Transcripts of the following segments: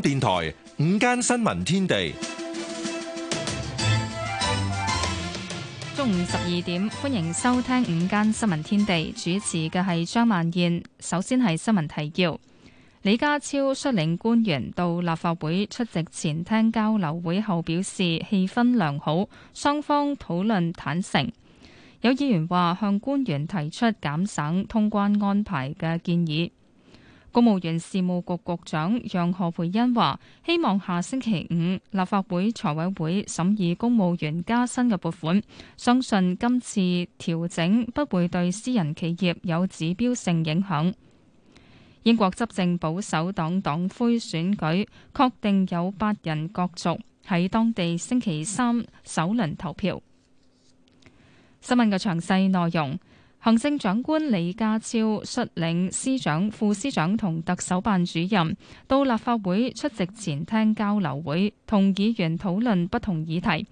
電台午間新聞天地，中午十二點，歡迎收聽午間新聞天地，主持嘅係張曼燕。首先係新聞提要：李家超率領官員到立法會出席前廳交流會後，表示氣氛良好，雙方討論坦誠。有議員話向官員提出減省通關安排嘅建議。公務員事務局局長楊何培恩話，希望下星期五立法會財委會審議公務員加薪嘅撥款。相信今次調整不會對私人企業有指標性影響。英國執政保守黨黨魁選舉確定有八人角逐，喺當地星期三首輪投票。新聞嘅詳細內容。行政長官李家超率領司長、副司長同特首辦主任到立法會出席前廳交流會，同議員討論不同議題。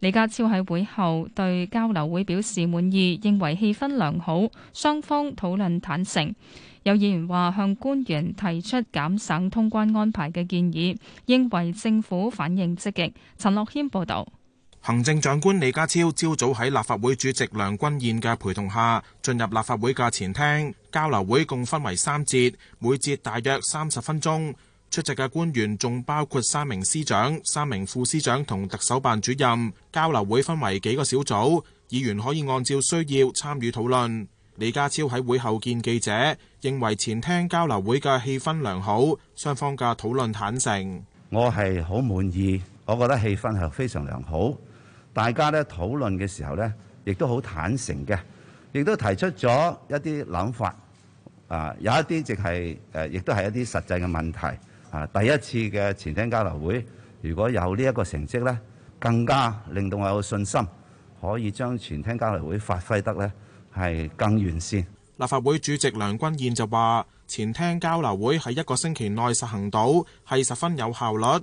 李家超喺會後對交流會表示滿意，認為氣氛良好，雙方討論坦誠。有議員話向官員提出減省通關安排嘅建議，認為政府反應積極。陳樂謙報道。行政長官李家超朝早喺立法會主席梁君彥嘅陪同下，進入立法會嘅前廳。交流會共分為三節，每節大約三十分鐘。出席嘅官員仲包括三名司長、三名副司長同特首辦主任。交流會分為幾個小組，議員可以按照需要參與討論。李家超喺會後見記者，認為前廳交流會嘅氣氛良好，雙方嘅討論坦誠。我係好滿意，我覺得氣氛係非常良好。大家咧討論嘅時候咧，亦都好坦誠嘅，亦都提出咗一啲諗法，啊、呃、有一啲淨係誒，亦都係一啲實際嘅問題。啊，第一次嘅前廳交流會，如果有呢一個成績咧，更加令到我有信心，可以將前廳交流會發揮得咧係更完善。立法會主席梁君彥就話：前廳交流會喺一個星期內實行到，係十分有效率。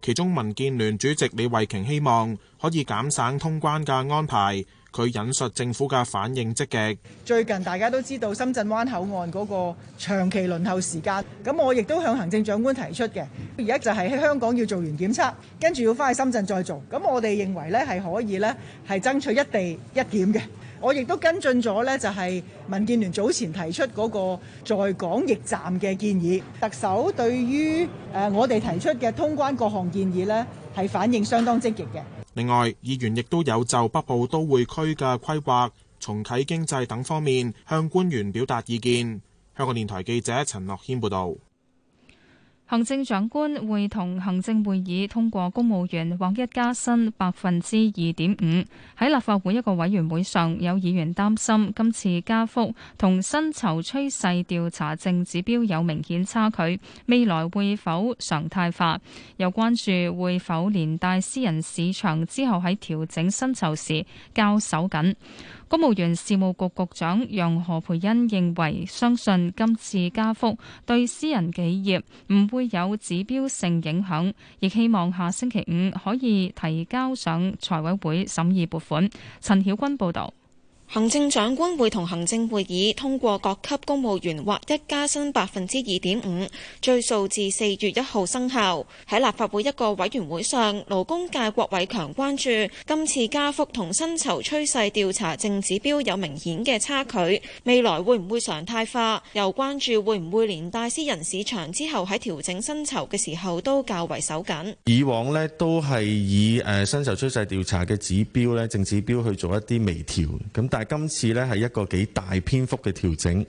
其中，民建聯主席李慧瓊希望可以減省通關嘅安排。佢引述政府嘅反應積極。最近大家都知道深圳灣口岸嗰個長期輪候時間，咁我亦都向行政長官提出嘅。而家就係喺香港要做完檢測，跟住要翻去深圳再做。咁我哋認為咧係可以咧係爭取一地一檢嘅。我亦都跟進咗呢就係民建聯早前提出嗰個在港疫站嘅建議，特首對於誒我哋提出嘅通關各項建議呢係反應相當積極嘅。另外，議員亦都有就北部都會區嘅規劃、重啟經濟等方面向官員表達意見。香港電台記者陳樂軒報導。行政長官會同行政會議通過公務員獲一加薪百分之二點五。喺立法會一個委員會上，有議員擔心今次加幅同薪酬趨勢調查淨指標有明顯差距，未來會否常態化？又關注會否連帶私人市場之後喺調整薪酬時較手緊。公務員事務局局長楊何培恩認為，相信今次加幅對私人企業唔會有指標性影響，亦希望下星期五可以提交上財委會審議撥款。陳曉君報道。行政長官會同行政會議通過各級公務員獲一加薪百分之二點五，追溯至四月一號生效。喺立法會一個委員會上，勞工界郭偉強關注今次加幅同薪酬趨勢調查淨指標有明顯嘅差距，未來會唔會常態化？又關注會唔會連帶私人市場之後喺調整薪酬嘅時候都較為手緊。以往呢都係以誒薪酬趨勢調查嘅指標呢淨指標去做一啲微調，咁但係今次呢，係一個幾大篇幅嘅調整，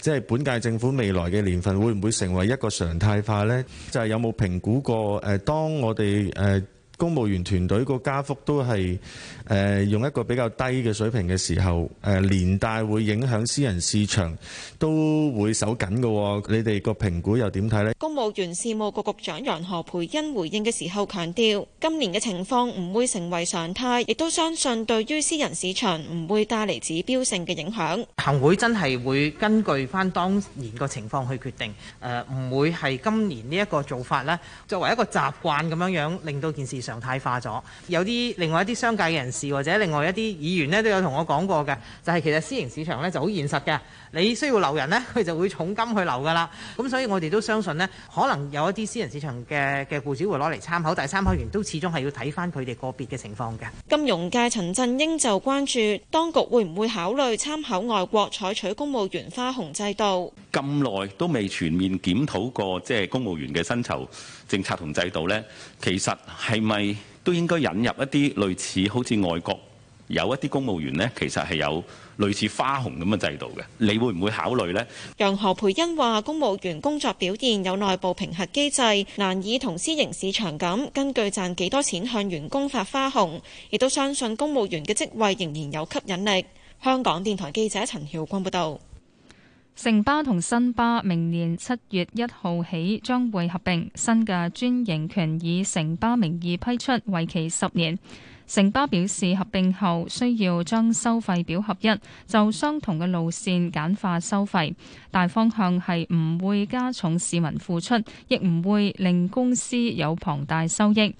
即係本屆政府未來嘅年份會唔會成為一個常態化呢？就係、是、有冇評估過？誒、呃，當我哋誒。呃公務員團隊個加幅都係誒用一個比較低嘅水平嘅時候，誒連帶會影響私人市場，都會守緊嘅。你哋個評估又點睇咧？公務員事務局局局長楊何培恩回應嘅時候強調，今年嘅情況唔會成為常態，亦都相信對於私人市場唔會帶嚟指標性嘅影響。行會真係會根據翻當年個情況去決定，誒唔會係今年呢一個做法咧，作為一個習慣咁樣樣，令到件事上。狀常態化咗，有啲另外一啲商界嘅人士或者另外一啲議員呢都有同我講過嘅，就係其實私營市場呢就好現實嘅，你需要留人呢，佢就會重金去留噶啦。咁所以我哋都相信呢可能有一啲私人市場嘅嘅僱主會攞嚟參考，但係參考完都始終係要睇翻佢哋個別嘅情況嘅。金融界陳振英就關注當局會唔會考慮參考外國採取公務員花紅制度？咁耐都未全面檢討過即係公務員嘅薪酬政策同制度呢其實係咪？都應該引入一啲類似好似外國有一啲公務員呢，其實，係有類似花紅咁嘅制度嘅。你會唔會考慮呢？楊何培恩話，公務員工作表現有內部評核機制，難以同私營市場咁根據賺幾多錢向員工發花紅，亦都相信公務員嘅職位仍然有吸引力。香港電台記者陳曉君報道。城巴同新巴明年七月一號起將會合併，新嘅專營權以城巴名義批出，為期十年。城巴表示合併後需要將收費表合一，就相同嘅路線簡化收費，大方向係唔會加重市民付出，亦唔會令公司有龐大收益。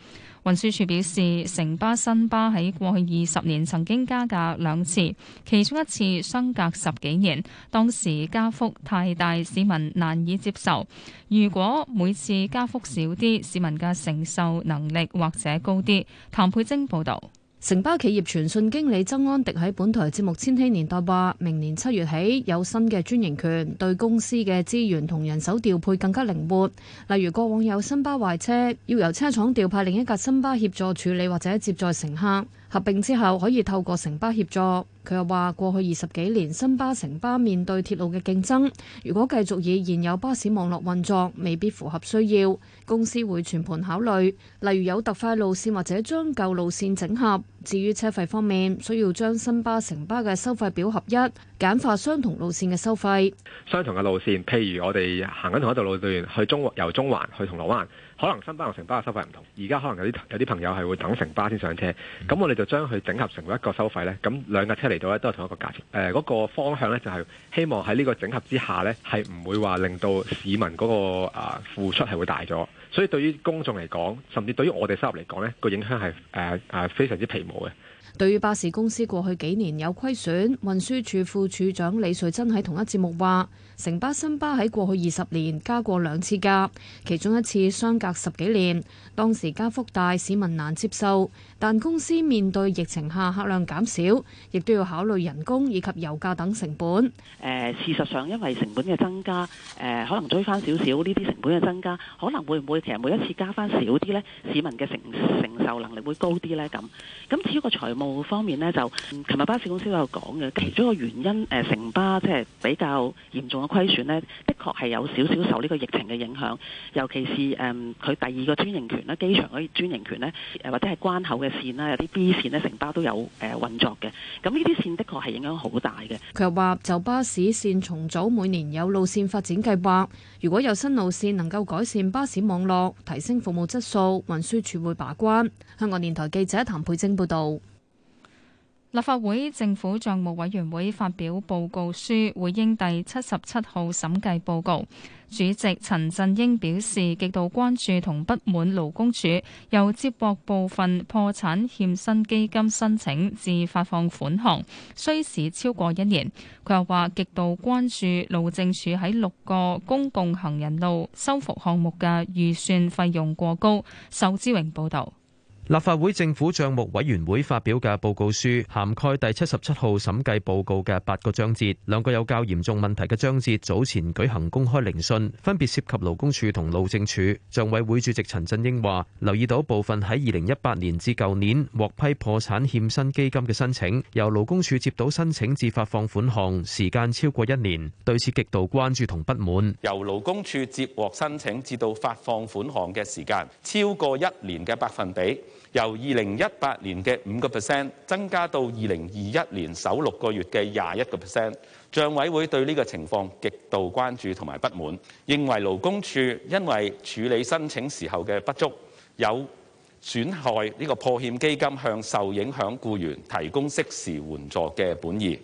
運輸署表示，城巴、新巴喺過去二十年曾經加價兩次，其中一次相隔十幾年，當時加幅太大，市民難以接受。如果每次加幅少啲，市民嘅承受能力或者高啲。譚佩晶報導。承城巴企業傳訊經理曾安迪喺本台節目《千禧年代》話：明年七月起有新嘅專營權，對公司嘅資源同人手調配更加靈活。例如過往有新巴壞車，要由車廠調派另一架新巴協助處理或者接載乘客。合併之後可以透過城巴協助。佢又話：過去二十幾年，新巴、城巴面對鐵路嘅競爭，如果繼續以現有巴士網絡運作，未必符合需要。公司會全盤考慮，例如有特快路線或者將舊路線整合。至於車費方面，需要將新巴、城巴嘅收費表合一，簡化相同路線嘅收費。相同嘅路線，譬如我哋行緊同一段路段，去中，由中環去銅鑼灣。可能新巴同城巴嘅收費唔同，而家可能有啲有啲朋友係會等城巴先上車，咁我哋就將佢整合成為一個收費咧，咁兩架車嚟到咧都係同一個價錢誒，嗰個方向咧就係希望喺呢個整合之下咧，係唔會話令到市民嗰個啊付出係會大咗，所以對於公眾嚟講，甚至對於我哋收入嚟講咧，個影響係誒誒非常之皮毛嘅。對於巴士公司過去幾年有虧損，運輸署副署長李瑞珍喺同一節目話。城巴新巴喺過去二十年加過兩次價，其中一次相隔十幾年，當時加幅大，市民難接受。但公司面對疫情下客量減少，亦都要考慮人工以及油價等成本。誒，事實上因為成本嘅增加，誒可能追翻少少呢啲成本嘅增加，可能會唔會其實每一次加翻少啲咧，市民嘅承承受能力會高啲咧咁？咁至於個財務方面咧，就琴日巴士公司都有講嘅，其中一個原因誒，城巴即係比較嚴重。嘅虧損呢，的確係有少少受呢個疫情嘅影響，尤其是誒佢第二個專營權啦，機場嗰啲專營權咧，或者係關口嘅線啦，有啲 B 線呢，承包都有誒運作嘅。咁呢啲線的確係影響好大嘅。佢又話，就巴士線重組，每年有路線發展計劃，如果有新路線能夠改善巴士網絡，提升服務質素，運輸署會把關。香港電台記者譚佩晶報道。立法會政府賬目委員會發表報告書，回應第七十七號審計報告。主席陳振英表示極度關注同不滿勞工處又接獲部分破產欠薪基金申請至發放款項，需時超過一年。佢又話極度關注路政署喺六個公共行人路修復項目嘅預算費用過高。仇志榮報道。立法會政府帳目委員會發表嘅報告書涵蓋第七十七號審計報告嘅八個章節，兩個有較嚴重問題嘅章節早前舉行公開聆訊，分別涉及勞工處同路政署。帳委會主席陳振英話：留意到部分喺二零一八年至舊年獲批破產欠薪基金嘅申請，由勞工處接到申請至發放款項時間超過一年，對此極度關注同不滿。由勞工處接獲申請至到發放款項嘅時間超過一年嘅百分比。由二零一八年嘅五個 percent 增加到二零二一年首六個月嘅廿一個 percent，帳委會對呢個情況極度關注同埋不滿，認為勞工處因為處理申請時候嘅不足，有損害呢個破欠基金向受影響雇員提供適時援助嘅本意。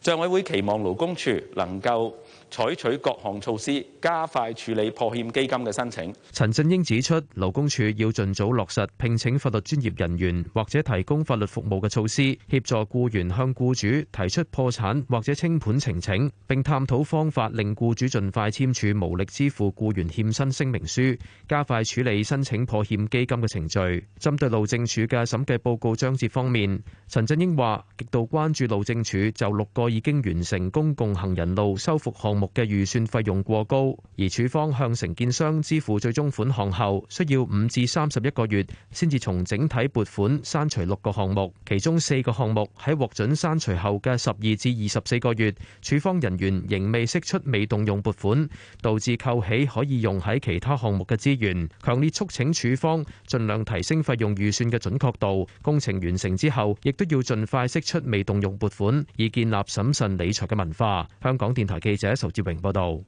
帳委會期望勞工處能夠。採取各項措施，加快處理破欠基金嘅申請。陳振英指出，勞工處要盡早落實聘請法律專業人員或者提供法律服務嘅措施，協助雇員向雇主提出破產或者清盤呈請，並探討方法令雇主盡快簽署無力支付雇員欠薪聲明書，加快處理申請破欠基金嘅程序。針對路政署嘅審計報告章節方面，陳振英話極度關注路政署就六個已經完成公共行人路修復項目。目嘅預算費用過高，而署方向承建商支付最終款項後，需要五至三十一個月先至從整體撥款刪除六個項目，其中四個項目喺獲准刪除後嘅十二至二十四個月，署方人員仍未釋出未動用撥款，導致扣起可以用喺其他項目嘅資源。強烈促請署方盡量提升費用預算嘅準確度，工程完成之後亦都要盡快釋出未動用撥款，以建立審慎理財嘅文化。香港電台記者趙報道，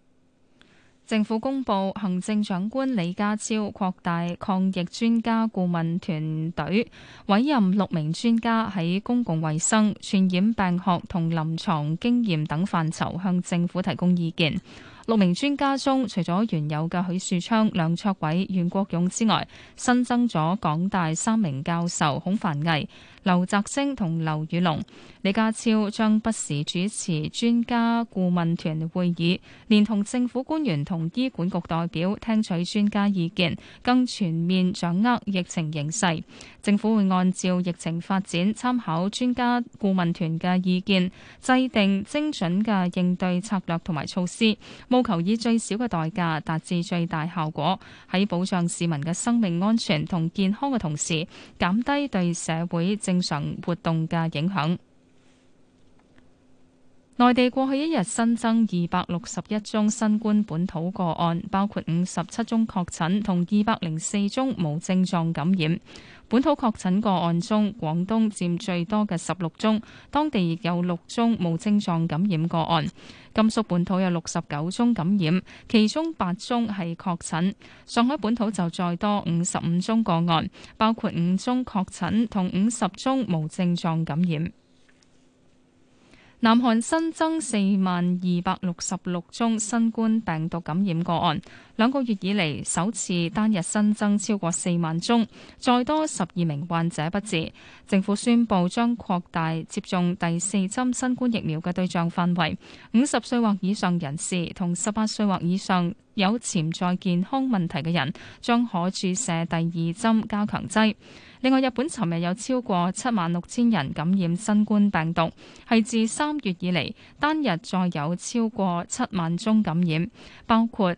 政府公布行政長官李家超擴大抗疫專家顧問團隊，委任六名專家喺公共衛生、傳染病學同臨床經驗等範疇向政府提供意見。六名專家中，除咗原有嘅許樹昌、梁卓偉、袁國勇之外，新增咗港大三名教授孔凡毅，劉澤星同劉宇龍、李家超，將不時主持專家顧問團會議，連同政府官員同醫管局代表聽取專家意見，更全面掌握疫情形勢。政府會按照疫情發展，參考專家顧問團嘅意見，制定精準嘅應對策略同埋措施，務求以最少嘅代價達至最大效果，喺保障市民嘅生命安全同健康嘅同時，減低對社會正常活動嘅影響。內地過去一日新增二百六十一宗新冠本土個案，包括五十七宗確診同二百零四宗無症狀感染。本土確診個案中，廣東佔最多嘅十六宗，當地亦有六宗無症狀感染個案。甘肅本土有六十九宗感染，其中八宗係確診。上海本土就再多五十五宗個案，包括五宗確診同五十宗無症狀感染。南韓新增四萬二百六十六宗新冠病毒感染個案，兩個月以嚟首次單日新增超過四萬宗，再多十二名患者不治。政府宣布將擴大接種第四針新冠疫苗嘅對象範圍，五十歲或以上人士同十八歲或以上有潛在健康問題嘅人，將可注射第二針加強劑。另外，日本尋日有超過七萬六千人感染新冠病毒，係自三月以嚟單日再有超過七萬宗感染，包括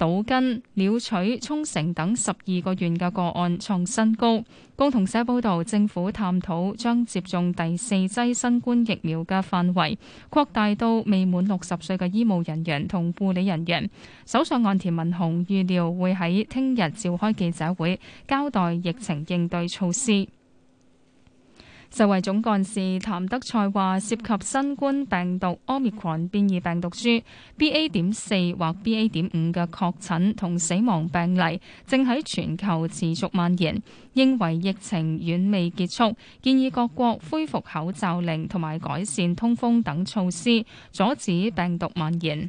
島根、鳥取、沖繩等十二個縣嘅個案創新高。共同社報道，政府探討將接種第四劑新冠疫苗嘅範圍擴大到未滿六十歲嘅醫務人員同護理人員。首相岸田文雄預料會喺聽日召開記者會，交代疫情應對措施。世衛總幹事譚德賽話，涉及新冠病毒 Omicron 變異病毒株 BA. 點四或 BA. 點五嘅確診同死亡病例，正喺全球持續蔓延，認為疫情遠未結束，建議各國恢復口罩令同埋改善通風等措施，阻止病毒蔓延。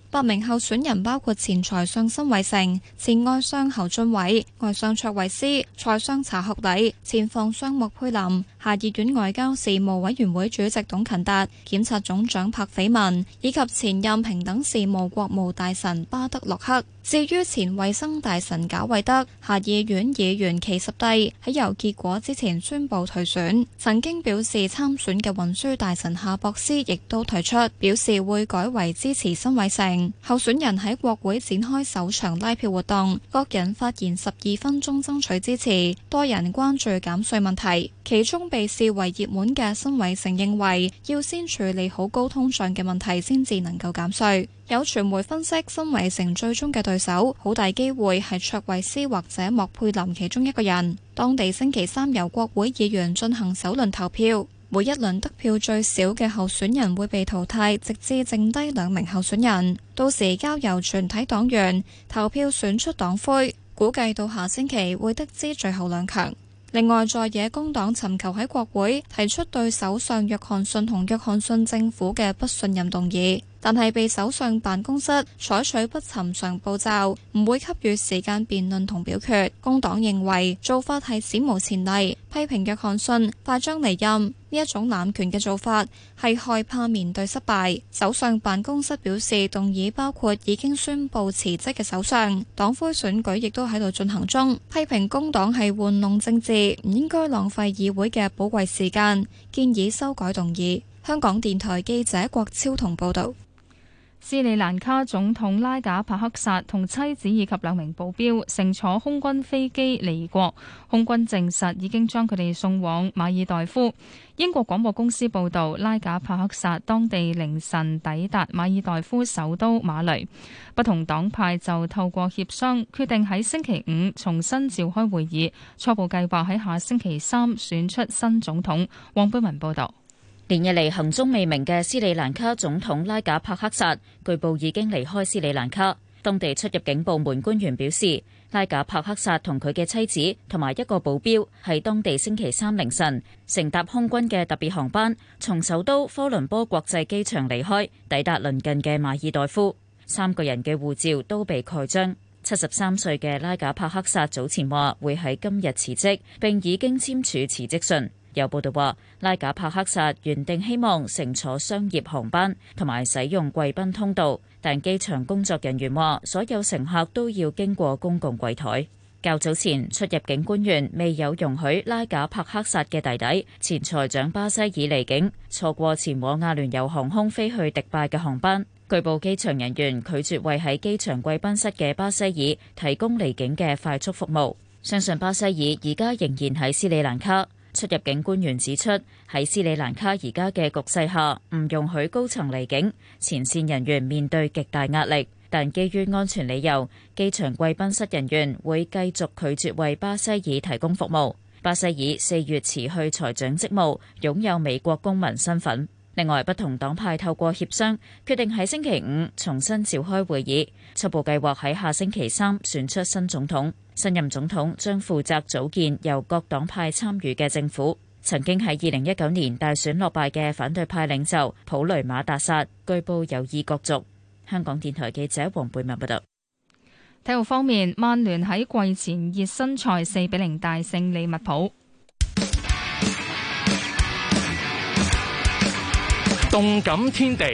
八名候選人包括前財相辛偉誠、前外相侯俊偉、外相卓慧思、財相查克禮、前防相莫佩林、下議院外交事務委員會主席董勤達、檢察總長柏斐文，以及前任平等事務國務大臣巴德洛克。至於前衛生大臣賈偉德，下議院議員齊斯蒂，喺有結果之前宣布退選。曾經表示參選嘅運輸大臣夏博斯亦都提出表示會改為支持辛偉誠。候選人喺國會展開首場拉票活動，各人發言十二分鐘爭取支持，多人關注減稅問題。其中被視為熱門嘅辛偉誠認為，要先處理好高通脹嘅問題先至能夠減稅。有傳媒分析，辛偉誠最終嘅對手，好大機會係卓慧思或者莫佩林其中一個人。當地星期三由國會議員進行首輪投票。每一輪得票最少嘅候選人會被淘汰，直至剩低兩名候選人。到時交由全體黨員投票選出黨魁，估計到下星期會得知最後兩強。另外，在野工黨尋求喺國會提出對首相約翰遜同約翰遜政府嘅不信任動議。但係被首相辦公室採取不尋常步驟，唔會給予時間辯論同表決。工黨認為做法係史無前例，批評約翰遜快將離任呢一種濫權嘅做法係害怕面對失敗。首相辦公室表示動議包括已經宣佈辭職嘅首相黨魁選舉亦都喺度進行中，批評工黨係玩弄政治，唔應該浪費議會嘅寶貴時間，建議修改動議。香港電台記者郭超同報道。斯里蘭卡總統拉賈帕克薩同妻子以及兩名保鏢乘坐空軍飛機離國，空軍證實已經將佢哋送往馬爾代夫。英國廣播公司報導，拉賈帕克薩當地凌晨抵達馬爾代夫首都馬累。不同黨派就透過協商決定喺星期五重新召開會議，初步計劃喺下星期三選出新總統。黃貝文報道。連日嚟行蹤未明嘅斯里蘭卡總統拉賈帕克薩，據報已經離開斯里蘭卡。當地出入境部門官員表示，拉賈帕克薩同佢嘅妻子同埋一個保鏢，喺當地星期三凌晨乘搭空軍嘅特別航班，從首都科倫坡國際機場離開，抵達鄰近嘅馬爾代夫。三個人嘅護照都被蓋章。七十三歲嘅拉賈帕克薩早前話會喺今日辭職，並已經簽署辭職信。有報道話，拉賈帕克薩原定希望乘坐商業航班，同埋使用貴賓通道，但機場工作人員話，所有乘客都要經過公共櫃台。較早前，出入境官員未有容許拉賈帕克薩嘅弟弟前財長巴西爾離境，錯過前往阿聯酋航空飛去迪拜嘅航班。據報，機場人員拒絕為喺機場貴賓室嘅巴西爾提供離境嘅快速服務。相信巴西爾而家仍然喺斯里蘭卡。出入境官員指出，喺斯里蘭卡而家嘅局勢下，唔容許高層離境，前線人員面對極大壓力。但基於安全理由，機場貴賓室人員會繼續拒絕為巴西爾提供服務。巴西爾四月辭去財長職務，擁有美國公民身份。另外，不同黨派透過協商，決定喺星期五重新召開會議，初步計劃喺下星期三選出新總統。新任總統將負責組建由各黨派參與嘅政府。曾經喺二零一九年大選落敗嘅反對派領袖普雷馬達薩，據報有意角逐。香港電台記者黃貝文報道。體育方面，曼聯喺季前熱身賽四比零大勝利物浦。動感天地，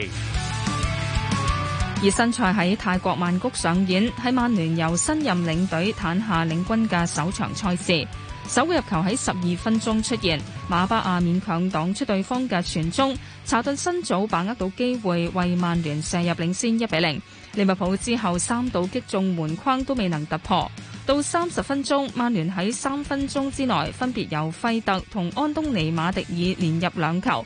熱身賽喺泰國曼谷上演，喺曼聯由新任領隊坦下領軍嘅首場賽事，首個入球喺十二分鐘出現，馬巴亞勉強擋出對方嘅傳中，查頓辛祖把握到機會為曼聯射入領先一比零，利物浦之後三度擊中門框都未能突破，到三十分鐘，曼聯喺三分鐘之內分別由費特同安東尼馬迪爾連入兩球。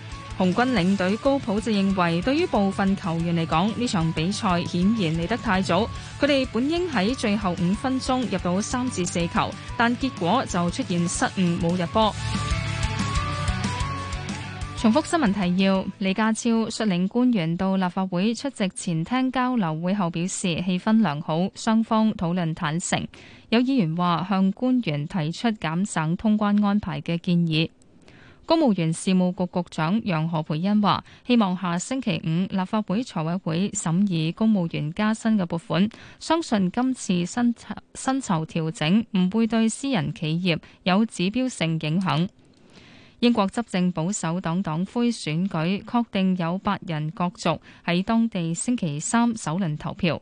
紅軍領隊高普就認為，對於部分球員嚟講，呢場比賽顯然嚟得太早。佢哋本應喺最後五分鐘入到三至四球，但結果就出現失誤，冇入波。重複新聞提要：李家超率領官員到立法會出席前廳交流會後，表示氣氛良好，雙方討論坦誠。有議員話向官員提出減省通關安排嘅建議。公務員事務局局長楊何培恩話，希望下星期五立法會財委會審議公務員加薪嘅撥款，相信今次薪酬薪酬調整唔會對私人企業有指標性影響。英國執政保守黨黨魁選舉確定有八人角逐，喺當地星期三首輪投票。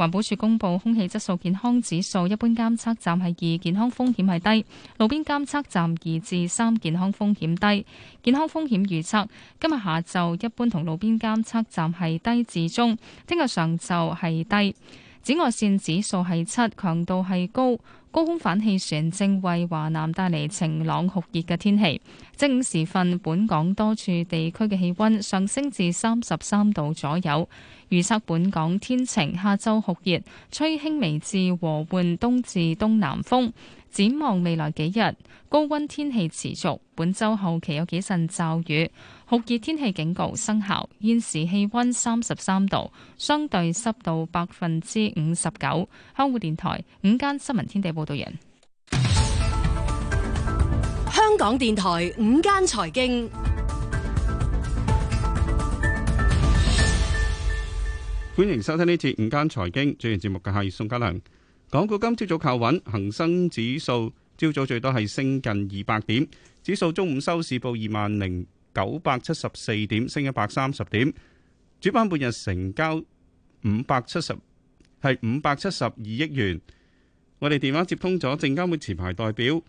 環保署公布空氣質素健康指數，一般監測站係二，健康風險係低；路邊監測站二至三，健康風險低。健康風險預測，今日下晝一般同路邊監測站係低至中，聽日上晝係低。紫外線指數係七，強度係高。高空反氣旋正為華南帶嚟晴朗酷熱嘅天氣。正午時分，本港多處地區嘅氣温上升至三十三度左右。預測本港天晴，下周酷熱，吹輕微至和緩東至東南風。展望未來幾日，高溫天氣持續。本周後期有幾陣驟雨，酷熱天氣警告生效。現時氣溫三十三度，相對濕度百分之五十九。香港電台午間新聞天地報道人，香港電台午間財經，歡迎收聽呢次午間財經主持節目嘅係宋嘉良。港股今朝早靠穩，恒生指數朝早最多係升近二百點，指數中午收市報二萬零九百七十四點，升一百三十點。主板半日成交五百七十係五百七十二億元。我哋電話接通咗證監會前排代表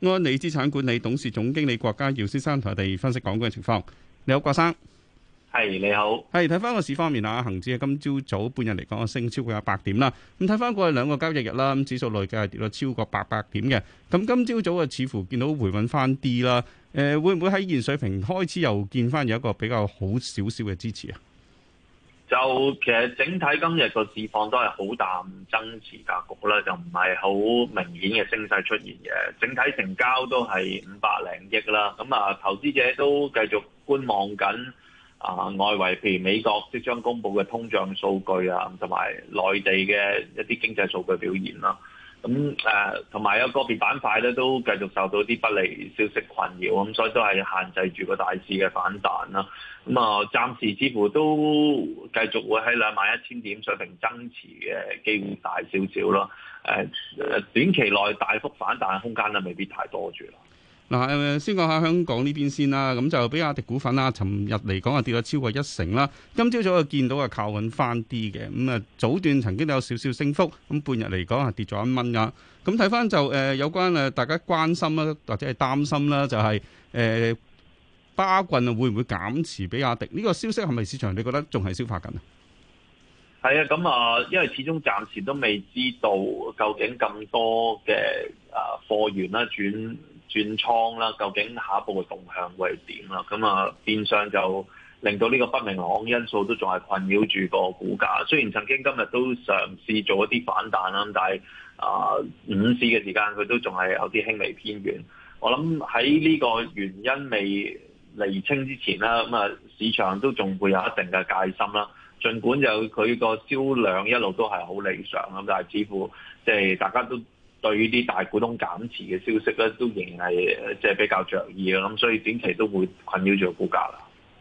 安理資產管理董事總經理郭家耀先生，同我哋分析港股嘅情況。你好，郭生。係你好，係睇翻個市方面啊，恒指啊今朝早半日嚟講啊升超過一百點啦。咁睇翻過去兩個交易日啦，咁指數累計係跌咗超過八百點嘅。咁今朝早啊似乎見到回穩翻啲啦。誒、呃，會唔會喺現水平開始又見翻有一個比較好少少嘅支持啊？就其實整體今日個市況都係好淡增持格局咧，就唔係好明顯嘅升勢出現嘅。整體成交都係五百零億啦。咁啊，投資者都繼續觀望緊。啊，外圍譬如美國即將公佈嘅通脹數據啊，同埋內地嘅一啲經濟數據表現啦，咁誒同埋有個別板塊咧都繼續受到啲不利消息困擾，咁、啊、所以都係限制住個大市嘅反彈啦。咁啊，暫時似乎都繼續會喺兩萬一千點水平增持嘅機會大少少咯。誒、啊，短期內大幅反彈嘅空間咧未必太多住啦。嗱，先講下香港呢邊先啦。咁就比亞迪股份啦，尋日嚟講啊跌咗超過一成啦。今朝早啊見到啊靠穩翻啲嘅。咁啊早段曾經都有少少升幅，咁半日嚟講啊跌咗一蚊噶。咁睇翻就誒有關誒大家關心啦，或者係擔心啦、就係，就係誒巴郡會唔會減持比亞迪呢、呢個消息係咪市場你覺得仲係消化緊啊？係啊，咁啊，因為始終暫時都未知道究竟咁多嘅啊貨源啦轉轉倉啦，究竟下一步嘅動向會係點啦？咁啊，變相就令到呢個不明朗因素都仲係困擾住個股價。雖然曾經今日都嘗試做一啲反彈啦，但係啊午市嘅時間佢都仲係有啲輕微偏軟。我諗喺呢個原因未釐清之前啦，咁啊市場都仲會有一定嘅戒心啦。儘管就佢個銷量一路都係好理想咁，但係似乎即係大家都。對於啲大股東減持嘅消息咧，都仍然係即係比較着意啊！咁所以短期都會困擾住個股價啦。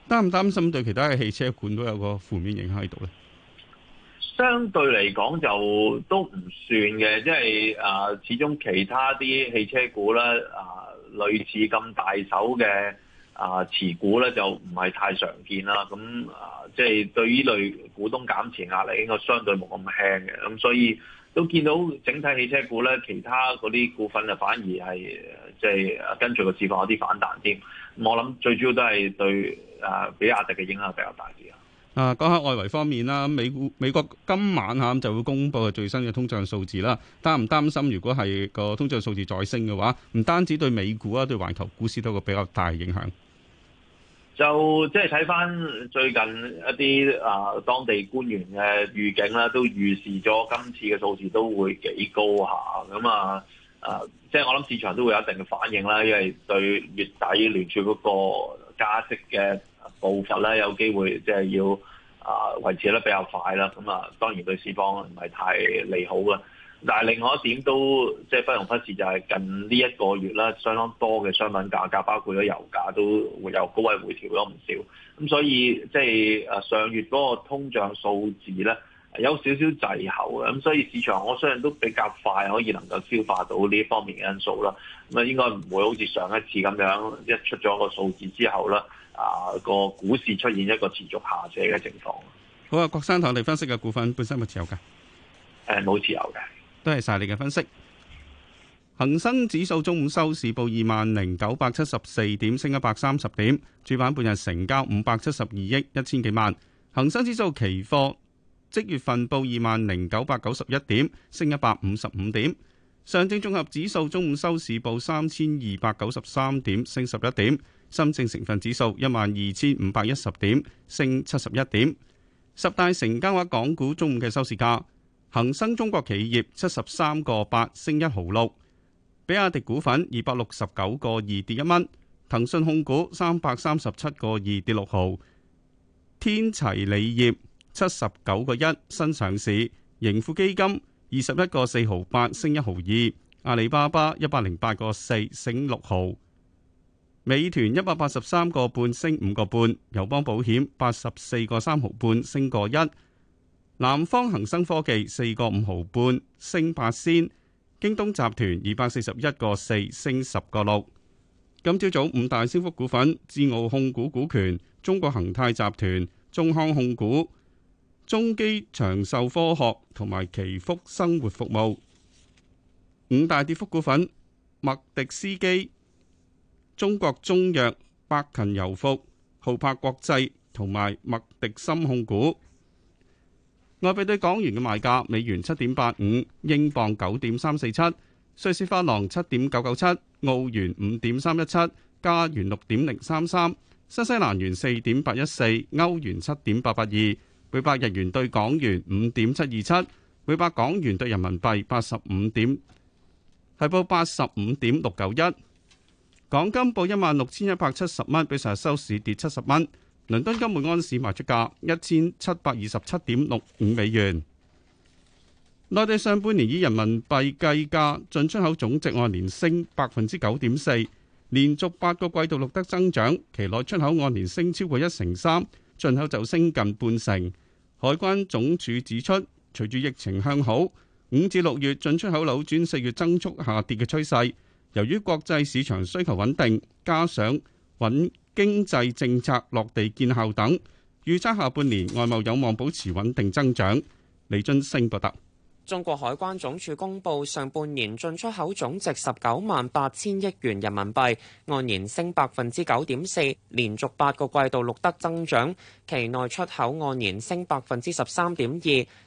擔唔擔心對其他嘅汽車股都有個負面影響喺度咧？相對嚟講就都唔算嘅，因為啊、呃，始終其他啲汽車股咧啊、呃，類似咁大手嘅。啊，持股咧就唔係太常見啦，咁啊，即係對呢類股東減持壓力應該相對冇咁輕嘅，咁所以都見到整體汽車股咧，其他嗰啲股份就反而係即係跟住個市況有啲反彈添。我諗最主要都係對比亞迪嘅影響比較大啲啊。啊，講下外圍方面啦，美股美國今晚下就會公布嘅最新嘅通脹數字啦。擔唔擔心如果係個通脹數字再升嘅話，唔單止對美股啊，對環球股市都有個比較大嘅影響？就即係睇翻最近一啲啊、呃、當地官員嘅預警啦，都預示咗今次嘅數字都會幾高下咁啊！啊，即係我諗市場都會有一定嘅反應啦，因為對月底聯儲嗰個加息嘅步伐咧，有機會即係要啊維持得比較快啦。咁啊，當然對市況唔係太利好嘅。但係另外一點都即係不容忽視，就係近呢一個月啦，相當多嘅商品價格，包括咗油價，都會有高位回調咗唔少。咁、嗯、所以即係誒上月嗰個通脹數字咧有少少滯後嘅，咁、嗯、所以市場我相信都比較快可以能夠消化到呢方面嘅因素啦。咁、嗯、啊應該唔會好似上一次咁樣一出咗個數字之後啦，啊個股市出現一個持續下瀉嘅情況。好啊，郭生投地分析嘅股份本身咪持有嘅？誒冇、嗯、持有嘅。都係晒你嘅分析。恒生指數中午收市報二萬零九百七十四點，升一百三十點。主板半日成交五百七十二億一千幾萬。恒生指數期貨即月份報二萬零九百九十一點，升一百五十五點。上證綜合指數中午收市報三千二百九十三點，升十一點。深證成分指數一萬二千五百一十點，升七十一點。十大成交額港股中午嘅收市價。恒生中國企業七十三個八升一毫六，比亞迪股份二百六十九個二跌一蚊，騰訊控股三百三十七個二跌六毫，天齊鋰業七十九個一新上市，盈富基金二十一個四毫八升一毫二，阿里巴巴一百零八個四升六毫，美團一百八十三個半升五個半，友邦保險八十四個三毫半升個一。南方恒生科技四個五毫半升八仙，京東集團二百四十一個四升十個六。今朝早五大升幅股份：智奧控股股權、中國恒泰集團、中康控股、中基長壽科學同埋祈福生活服務。五大跌幅股份：麥迪斯基、中國中藥、百勤油服、浩柏國際同埋麥迪森控股。外幣對港元嘅賣價：美元七點八五，英鎊九點三四七，瑞士法郎七點九九七，澳元五點三一七，加元六點零三三，新西蘭元四點八一四，歐元七點八八二，每百日元對港元五點七二七，每百港元對人民幣八十五點，係報八十五點六九一。港金報一萬六千一百七十蚊，比上日收市跌七十蚊。倫敦金每安士賣出價一千七百二十七點六五美元。內地上半年以人民幣計價進出口總值按年升百分之九點四，連續八個季度錄得增長。期內出口按年升超過一成三，進口就升近半成。海關總署指出，隨住疫情向好，五至六月進出口扭轉四月增速下跌嘅趨勢。由於國際市場需求穩定，加上穩。經濟政策落地見效等，預測下半年外貿有望保持穩定增長。李津升報道，中國海關總署公佈上半年進出口總值十九萬八千億元人民幣，按年升百分之九點四，連續八個季度錄得增長。期內出口按年升百分之十三點二，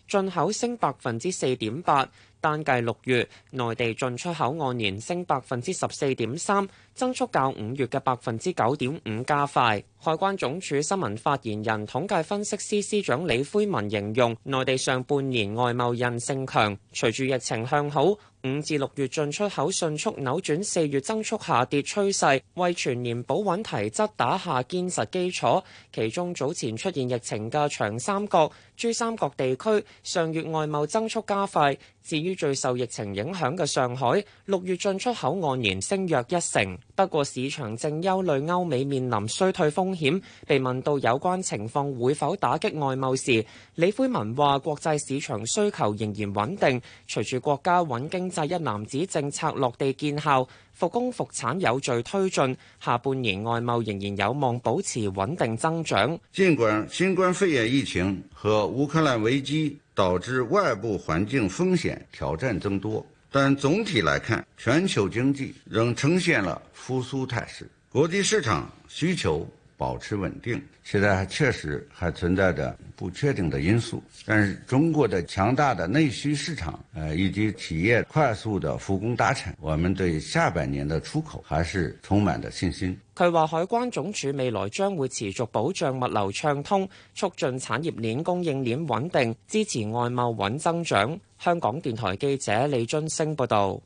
進口升百分之四點八。單計六月，內地進出口按年升百分之十四點三，增速較五月嘅百分之九點五加快。海關總署新聞發言人、統計分析司司長李魁文形容，內地上半年外貿韌性強，隨住疫情向好。五至六月進出口迅速扭轉四月增速下跌趨勢，為全年保穩提質打下堅實基礎。其中早前出現疫情嘅長三角、珠三角地區上月外貿增速加快。至於最受疫情影響嘅上海，六月進出口按年升約一成。不過市場正憂慮歐，歐美面臨衰退風險。被問到有關情況會否打擊外貿時，李輝文話：國際市場需求仍然穩定，隨住國家穩經。就一攬子政策落地見效，復工復產有序推進，下半年外貿仍然有望保持穩定增長。盡管新冠肺炎疫情和烏克蘭危機導致外部環境風險挑戰增多，但總體來看，全球經濟仍呈現了復甦態勢，國際市場需求。保持穩定，現在還確實還存在着不確定的因素，但是中國的強大的內需市場，呃以及企業快速的復工達產，我們對下半年的出口還是充滿了信心。佢話海關總署未來將會持續保障物流暢通，促進產業鏈供應鏈穩定，支持外貿穩增長。香港電台記者李津升報道。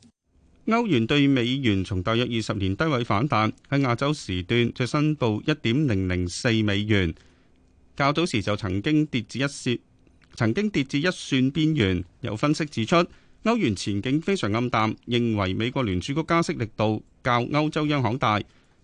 歐元對美元從大約二十年低位反彈，喺亞洲時段最新報一點零零四美元。較早時就曾經跌至一線，曾經跌至一線邊緣。有分析指出，歐元前景非常暗淡，認為美國聯儲局加息力度較歐洲央行大，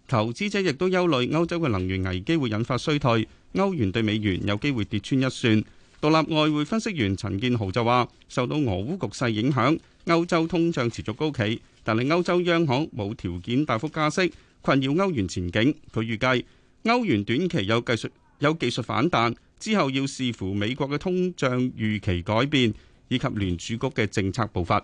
投資者亦都憂慮歐洲嘅能源危機會引發衰退，歐元對美元有機會跌穿一線。獨立外匯分析員陳建豪就話，受到俄烏局勢影響，歐洲通脹持續高企。但係歐洲央行冇條件大幅加息，困擾歐元前景。佢預計歐元短期有技術有技術反彈，之後要視乎美國嘅通脹預期改變以及聯儲局嘅政策步伐。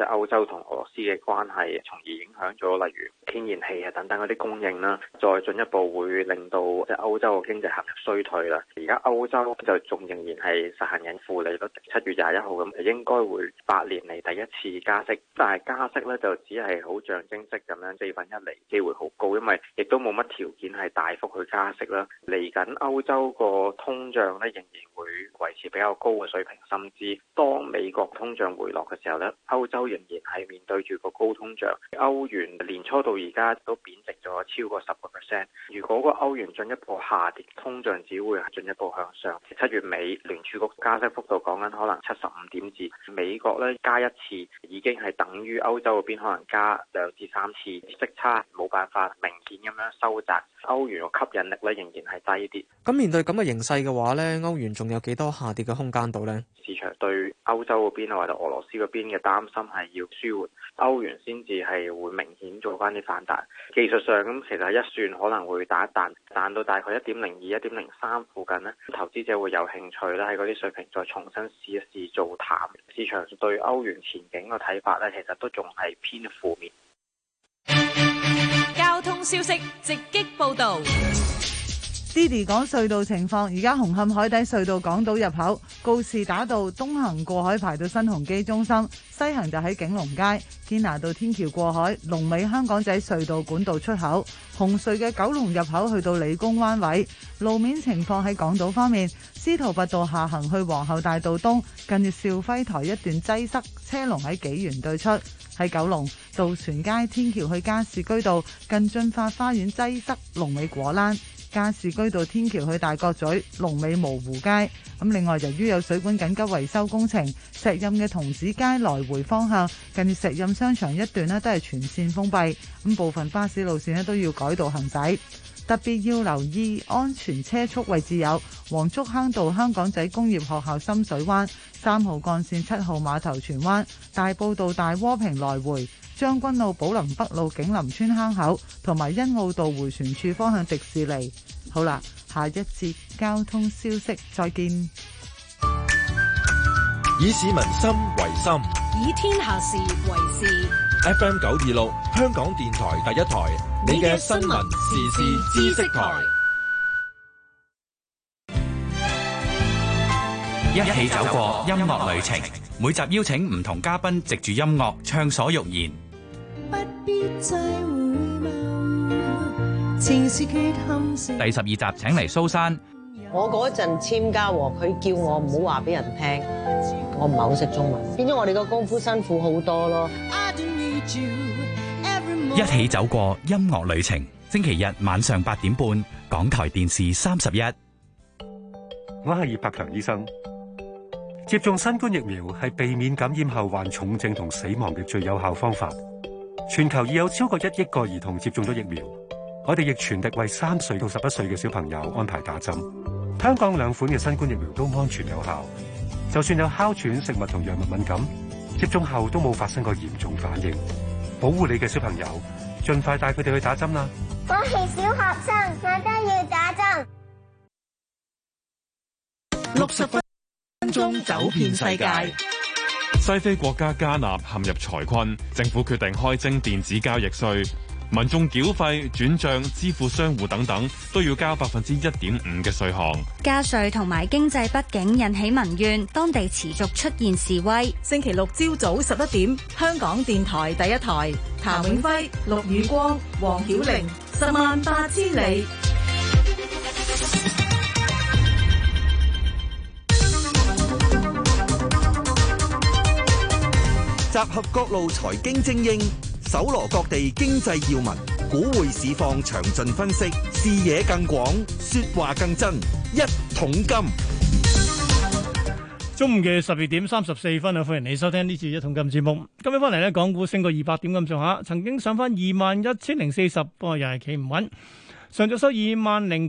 即歐洲同俄羅斯嘅關係，從而影響咗，例如天然氣啊等等嗰啲供應啦，再進一步會令到即歐洲嘅經濟陷入衰退啦。而家歐洲就仲仍然係實行緊負利率，七月廿一號咁，應該會八年嚟，第一次加息。但係加息咧就只係好象徵式咁樣，即係四分一釐機會好高，因為亦都冇乜條件係大幅去加息啦。嚟緊歐洲個通脹咧仍然會維持比較高嘅水平，甚至當美國通脹回落嘅時候咧，歐洲。仍然係面對住個高通脹，歐元年初到而家都貶值咗超過十個 percent。如果個歐元進一步下跌，通脹只會進一步向上。七月尾聯儲局加息幅度講緊可能七十五點字，美國咧加一次已經係等於歐洲嗰邊可能加兩至三次，息差冇辦法明顯咁樣收窄，歐元嘅吸引力咧仍然係低啲。咁面對咁嘅形勢嘅話咧，歐元仲有幾多下跌嘅空間度呢？市場對歐洲嗰邊或者俄羅斯嗰邊嘅擔心係。係要舒緩，歐元先至係會明顯做翻啲反彈。技術上咁，其實一算可能會打一彈，彈到大概一點零二、一點零三附近咧，投資者會有興趣咧，喺嗰啲水平再重新試一試做淡。市場對歐元前景嘅睇法呢，其實都仲係偏負面。交通消息直擊報道。Diddy 講隧道情況，而家紅磡海底隧道港島入口告士打道東行過海，排到新鴻基中心；西行就喺景隆街堅拿道天橋過海，龍尾香港仔隧道管道出口。紅隧嘅九龍入口去到理工灣位，路面情況。喺港島方面，司徒拔道下行去皇后大道東近住肇輝台一段擠塞，車龍喺紀元對出。喺九龍渡船街天橋去加士居道近進發花園擠塞，龍尾果欄。加士居道天橋去大角咀，龍尾蕪湖街。咁另外，由於有水管緊急維修工程，石蔭嘅童子街來回方向近石蔭商場一段咧，都係全線封閉。咁部分巴士路線咧都要改道行駛。特別要留意安全車速位置有黃竹坑道香港仔工業學校深水灣，三號幹線七號碼頭荃灣，大埔道大窩坪來回。將軍路，寶林北路，景林村坑口同埋欣澳道回旋處方向迪士尼。好啦，下一節交通消息再見。以市民心為心，以天下事為事。FM 九二六，香港電台第一台，你嘅新聞時事知識台，一起走過音樂旅程。每集邀請唔同嘉賓，藉住音樂暢所欲言。不必再回望，第十二集請嚟蘇珊，我嗰陣，簽家和，佢叫我唔好話俾人聽，我唔係好識中文，變咗我哋個功夫辛苦好多咯。You, 一起走過音樂旅程，星期日晚上八點半，港台電視三十一。我係葉柏強醫生，接種新冠疫苗係避免感染後患重症同死亡嘅最有效方法。全球已有超過一億個兒童接種咗疫苗，我哋亦全力為三歲到十一歲嘅小朋友安排打針。香港兩款嘅新冠疫苗都安全有效，就算有哮喘、食物同藥物敏感，接種後都冇發生過嚴重反應。保護你嘅小朋友，盡快帶佢哋去打針啦！我係小學生，我都要打針。六十分鐘走遍世界。西非國家加納陷入財困，政府決定開徵電子交易稅，民眾繳費、轉賬、支付商戶等等都要交百分之一點五嘅稅項。稅項加稅同埋經濟不景引起民怨，當地持續出現示威。星期六朝早十一點，香港電台第一台，譚永輝、陸宇光、黃曉玲，十萬八千里。集合各路財經精英，搜羅各地經濟要聞，股匯市況詳盡分析，視野更廣，說話更真。一桶金，中午嘅十二點三十四分啊！歡迎你收聽呢次一桶金節目。今日翻嚟呢，港股升過二百點咁上下，曾經上翻二萬一千零四十，不過又係企唔穩，上咗收二萬零。